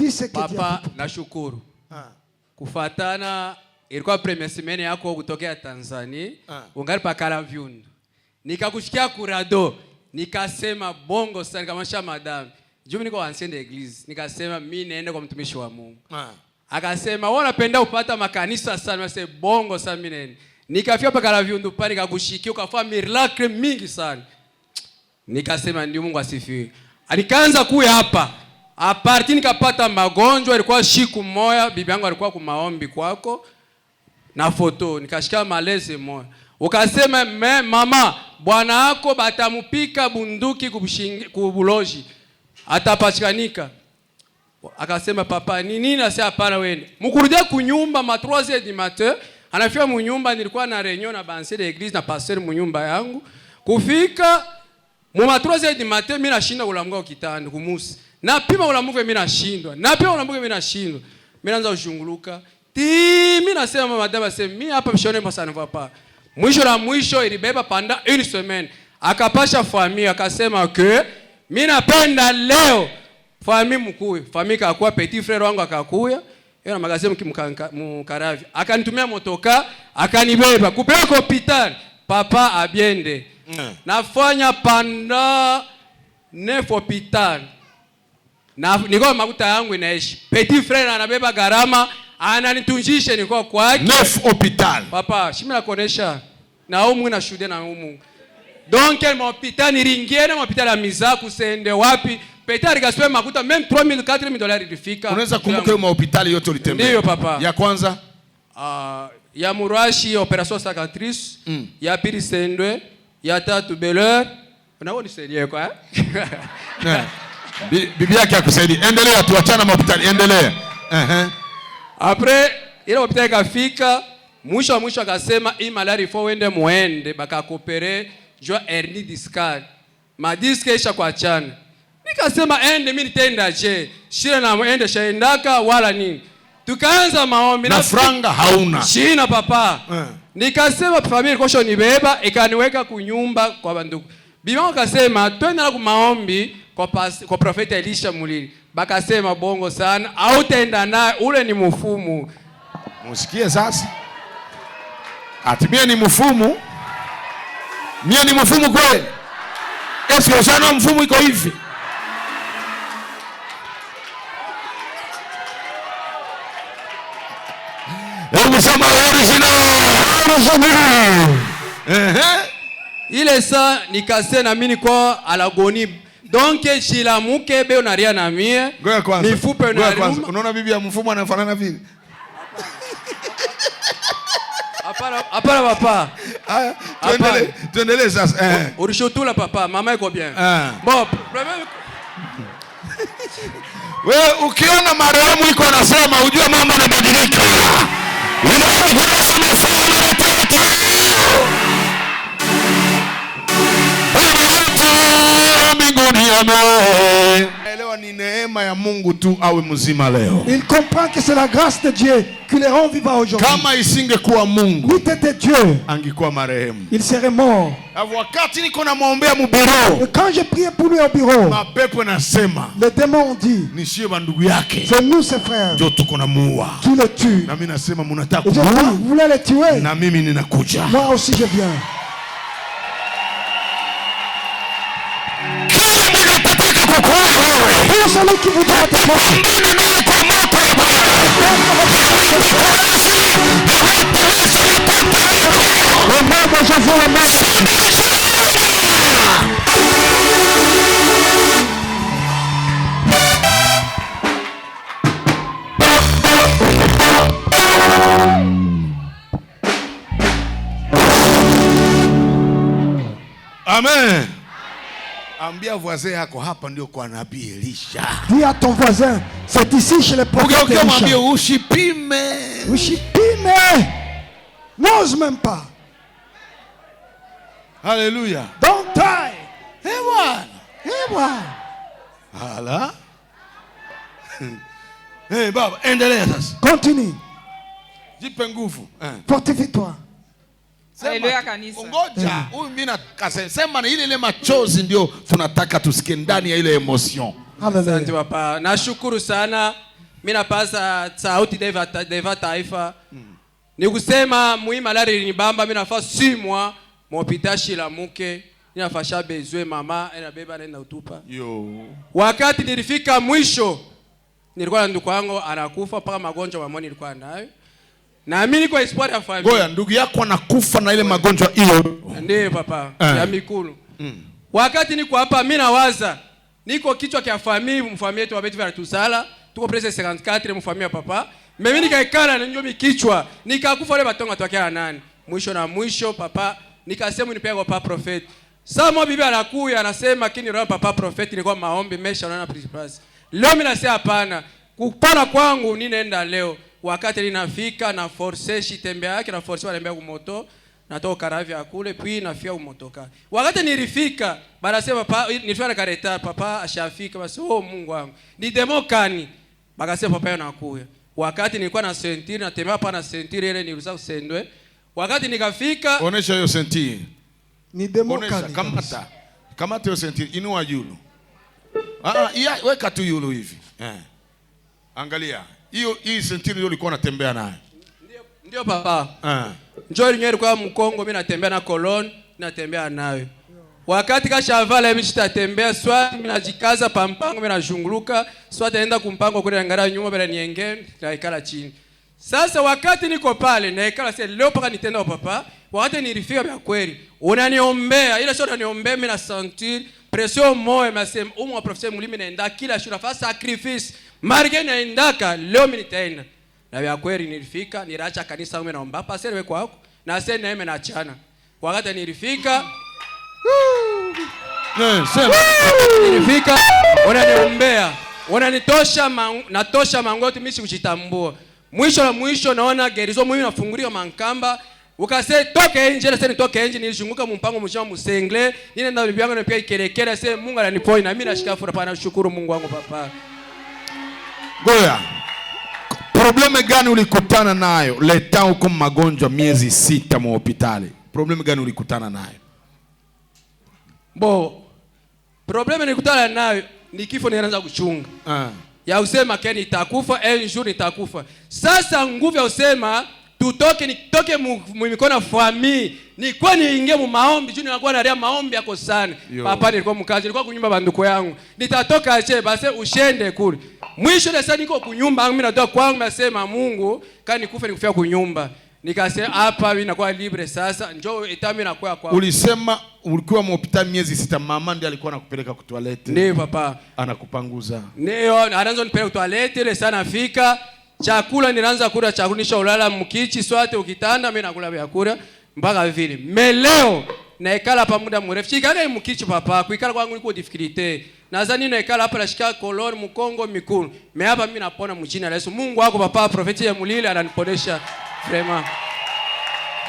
Dice que Papa, nashukuru kufatana, ilikuwa premier semaine yako kutokea Tanzania, ungali pa Karavyundu, nikakushikia kurado, nikasema bongo sana, nikamwambia madam juu niko ancien eglise nikasema mi naenda kwa mtumishi wa Mungu. ah. Akasema wewe unapenda upata makanisa sana, nase bongo sana mi nenda. Nikafika pa Karavyundu pale, kakushikia ukafanya miracle mingi sana, nikasema ndio Mungu asifiwe. Alikaanza kuya hapa aparti nikapata magonjwa, ilikuwa siku moya, bibi yangu alikuwa kumaombi kwako na foto, nikashika malezi moya, ukasema me mama, bwana yako batamupika bunduki kubuloji atapachikanika. Akasema papa ni nini? Nasi hapana, wene mkurudia kunyumba ma 3h du matin. Anafika munyumba, nilikuwa na reunion na banse de eglise na pasteur munyumba yangu, kufika mu ma 3h du matin, mimi nashinda kulamka kitanda kumusi napima ulambuke mimi nashindwa, napima ulambuke mimi nashindwa, mimi naanza kushunguluka ti mimi nasema mama dada sema mimi hapa mshone mbasa na hapa Mwisho la mwisho ilibeba panda une semaine, akapasha famia akasema ke okay. mimi napenda leo fami mkuu fami akakuwa petit frère wangu akakuya yeye na magazeti mkaravi akanitumia motoka akanibeba kupeleka hospitali papa abiende mm. nafanya panda nefo hospitali na niko makuta yangu inaishi. Petit frère anabeba gharama, ananitunjishe nilikuwa kwake. Neuf hôpital. Papa, shimi na kuonesha na umu na shuhudia na umu. Donc mon hôpital niringie na hôpital ya miza kusende wapi? Petit alikasema makuta même 3000 4000 dollars ilifika. Unaweza kumbuka hiyo mahopitali yote ulitembea? Ndio papa. Ya kwanza? Ah, uh, ya Murashi operation cicatrice, mm. ya pili Sendwe, ya tatu Beleur. Unaona ni serieux kwa? bibi yake akusaidia. Endelea tu, achana hospitali, endelea. Ehe, apres ile hospitali ikafika mwisho wa mwisho, akasema hii malaria ifo wende muende bakakopere jua hernie discale madiske isha kwa chana. Nikasema ende mimi nitaenda je shira na muende shaendaka wala nini, tukaanza maombi na, na franga hauna shina papa eh. Nikasema familia kosho nibeba ikaniweka kunyumba kwa banduku bibi akasema twende na kumaombi kwa, pas, kwa profeta Elisha mulili bakasema bongo sana autenda naye ule ni mfumu. Musikie sasa, ati mie ni mfumu, mie ni mfumu kweli? Esiosana mfumu iko hivi Sema original. Ile saa nikasema na mimi kwa alagoni Donc la mouke be jila mukebe unaria na mie. Ngoja kwanza. Mifupa unaria. Unaona bibi ya mfumo anafanana vile. Hapana, hapana papa. Haya, tuendelee. Tuendelee sasa. Eh. la papa, mama iko bien. Ah. Bon, problème wewe ukiona Mariamu iko anasema, ujue mambo yanabadilika. naye. ni neema ya Mungu tu awe mzima leo. Il comprend que c'est la grâce de Dieu qui les rend vivants aujourd'hui. Kama isingekuwa Mungu, N'était Dieu, angekuwa marehemu. Il serait mort. Na wakati niko namwombea mu quand je prie pour lui au bureau, mapepo nasema, le démon dit, ni sio ndugu yake. C'est nous ses frères. Ndio tuko namuua. Qui le tue. Na mimi nasema mnataka kuwa. Vous voulez le tuer. Na mimi ninakuja. Moi aussi je bien. falei que mudava de Amado, eu já vou amar. Amém. Ambia voisin yako hapa ndio kwa nabii Elisha. Dis à ton voisin, c'est ici chez le prophète Elisha. Mwambie usipime. Usipime. N'ose même pas. Alléluia. Don't die. Hey bwana. Hey bwana. Hala. Hey baba, endelea sasa. Continue. Jipe nguvu. Eh. Fortifie-toi. Ngoja hmm. huyu nakasema, na ile ile machozi ndio tunataka tusikie ndani ya ile emotion. Asante Nashukuru sana. mi napasa sauti deva taifa. Hmm. Ni kusema mwi ni bamba nafaa simwa mopitashi muke inafasha bezwe mama inabeba naenda utupa. Yo. Wakati nilifika mwisho nilikuwa na yangu anakufa mpaka magonjwa mamoni nilikuwa nayo. Naamini kwa histori ya familia. Goya ndugu yako anakufa na ile magonjwa hiyo. Ndiye papa eh, ya mikulu. Mm. Wakati niko hapa mimi nawaza niko kichwa kia famille mfamie yetu wabetu vya tusala tuko presse 54 mfamilia mfamie papa. Mimi nikaikana na njomi kichwa nikakufa ile batonga tokea nani. Mwisho na mwisho papa nikasema nipe kwa papa prophet. Samo bibi anakuya anasema kini roho papa prophet ni kwa maombi mesha unaona principles. Leo mimi nasema hapana. Kupana kwangu ninaenda leo wakati linafika na force shi shitembea yake na force wanembea kumoto natoka ravi akule puis nafia umotoka. Wakati nilifika banasema pa, nilifika na kareta papa ashafika basi, oh Mungu wangu ni demo kani, bakasema papa yana kuya. Wakati nilikuwa na sentiri natembea pa na sentiri ile niruhusa usendwe. Wakati nikafika, onesha hiyo sentiri ni demo kani, kamata kamata hiyo sentiri, inua yulu. Ah, ah, iya weka tu yulu hivi eh, angalia hiyo hii sentini ndio ulikuwa unatembea nayo? Ndio ndio papa. eh Njoo nyeri kwa Mkongo, mimi natembea na kolon, natembea nayo. Wakati ka shavala mimi sitatembea swati, mimi najikaza pampango mimi najunguruka swati, naenda kumpango kule, ngara nyuma bila nienge naikala chini. Sasa wakati niko pale naikala sasa, leo paka nitenda kwa papa, wakati nilifika kwa kweli, unaniombea ila sio unaniombea, mimi na sentir pression moyo, mimi nasema umu wa professeur mlimi naenda kila shura fa sacrifice Marge naendaka leo mimi nitaenda. Na vya kweli nilifika, nilaacha kanisa ume naomba hapa sasa niwe kwako. Na sasa na mimi naachana. kata nilifika Ne, sema. Nilifika wananiombea. Wananitosha man, natosha mangoti mimi sikujitambua. Mwisho na mwisho naona gerizo mimi nafunguliwa mankamba. Ukase toke nje na sasa nitoke nje nilishunguka mpango mshamba musengle. nina bibi yangu na pia ikerekera sasa Mungu ananipoa na mimi nashika furaha na shukuru Mungu wangu papa. Goya. probleme gani ulikutana nayo? Leta huko magonjwa miezi sita mu hospitali, probleme gani ulikutana nayo? Bo, probleme nilikutana nayo ni kifo, nianza kuchunga ah. ya usema keni itakufa, nitakufa enjur, eh, nitakufa. Sasa nguvu ya usema tutoke nitoke mikono ya famii nikuwa niingie mu maombi juu nilikuwa nalia maombi yako sana. Papa nilikuwa mkazi, nilikuwa kunyumba banduko yangu, nitatoka ache basi ushende kule Mwisho nasema niko kunyumba yangu mimi natoka kwangu nasema Mungu kani kufa nikufia kunyumba. Nikasema hapa mimi nakuwa libre sasa. Njoo etami na kwa kwa. Ulisema ulikuwa mhospitali miezi sita, mama ndiye alikuwa anakupeleka kwa toilet. Ndio papa. Anakupanguza. Ndio, anaanza nipeleka kwa toilet ile sana fika. Chakula nilianza kula chakula nisha ulala mkichi swate ukitanda mimi nakula vya kula mpaka vile. Meleo naikala pa muda mrefu. Chikana mkichi papa, kuikala kwangu ni kwa difficulty naza nino ekala hapa nashika koloni mkongo mikulu me hapa mimi napona mjini la Yesu. Mungu wako papa profeti ya mulile ananiponesha frema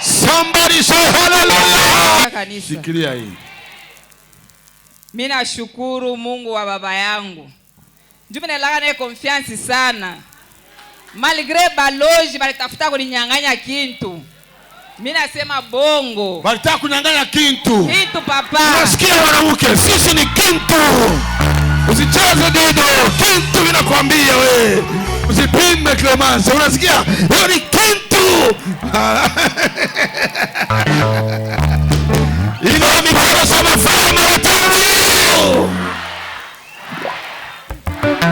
Somebody say hallelujah. Sikilia hii. Mimi nashukuru Mungu wa baba yangu. Ndio mimi nalaga naye confiance sana. Malgré baloji balitafuta kuninyang'anya kintu mimi nasema bongo. Walitaka kunyang'anya kintu. kintu papa. Unasikia mwanamke, sisi ni kintu. Usicheze dido, kintu vinakwambia we. usipime Clemence, unasikia? Hiyo ni kintu. Ilo mikoro sama falme wa Tanzania.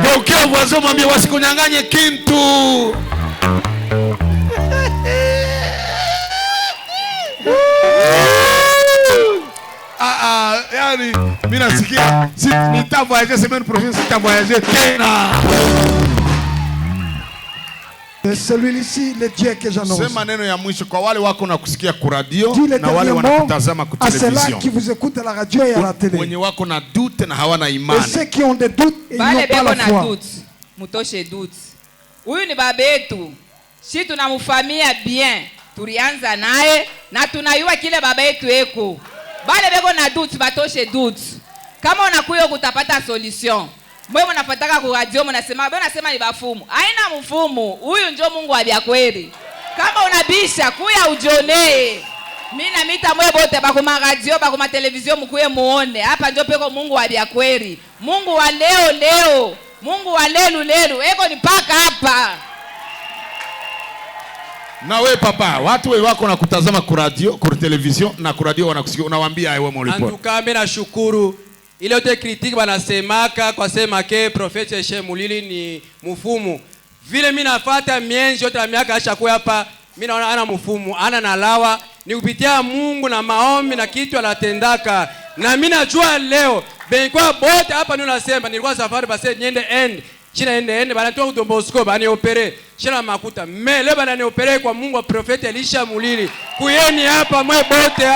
Geukia uwazao mwambie wasikunyang'anye kintu. mimi nasikia si semaine prochaine, sitavoyager tena. Celui-ci ya mwisho kwa wale wako na kusikia kwa radio na wale wanakutazama kwa television. Wenye wako na doute na hawana imani. Et ceux qui ont Mutoshe doute. Huyu ni baba yetu. Si tunamufamia bien, tulianza naye na tunayua kile baba yetu eko. Bale beko na doute batoshe doute. Kama unakuya kutapata solution. Mwewe mnapataka ku radio mnasema, bwana nasema ni bafumu. aina mfumu. Huyu njo Mungu wa bya kweli. Kama unabisha kuya ujonee. Mimi na mita mwe bote ba kuma radio ba kuma television muone. Hapa njo peko Mungu wa bya kweli. Mungu wa leo leo. Mungu wa lelu lelu. Eko ni paka hapa. Na we papa, watu we wako na kutazama kuradio radio, ku na kuradio radio wanakusikia. unawambia wewe mlipo. Antukame na shukuru ile yote kritiki wanasemaka kwa sema ke Eshe Mulili ni mfumu. Vile mimi nafuata mienzi yote ya miaka ashakuwa hapa, mimi naona ana mfumu, ana nalawa ni kupitia Mungu na maombi na kitu anatendaka. Na mimi najua leo benkwa bote hapa ni unasema nilikuwa safari basi niende end china ende ende bana toa udombosko bana opere china makuta Mimi leo bana ni opere kwa Mungu wa profete Elisha Mulili. Kuyeni hapa mwe bote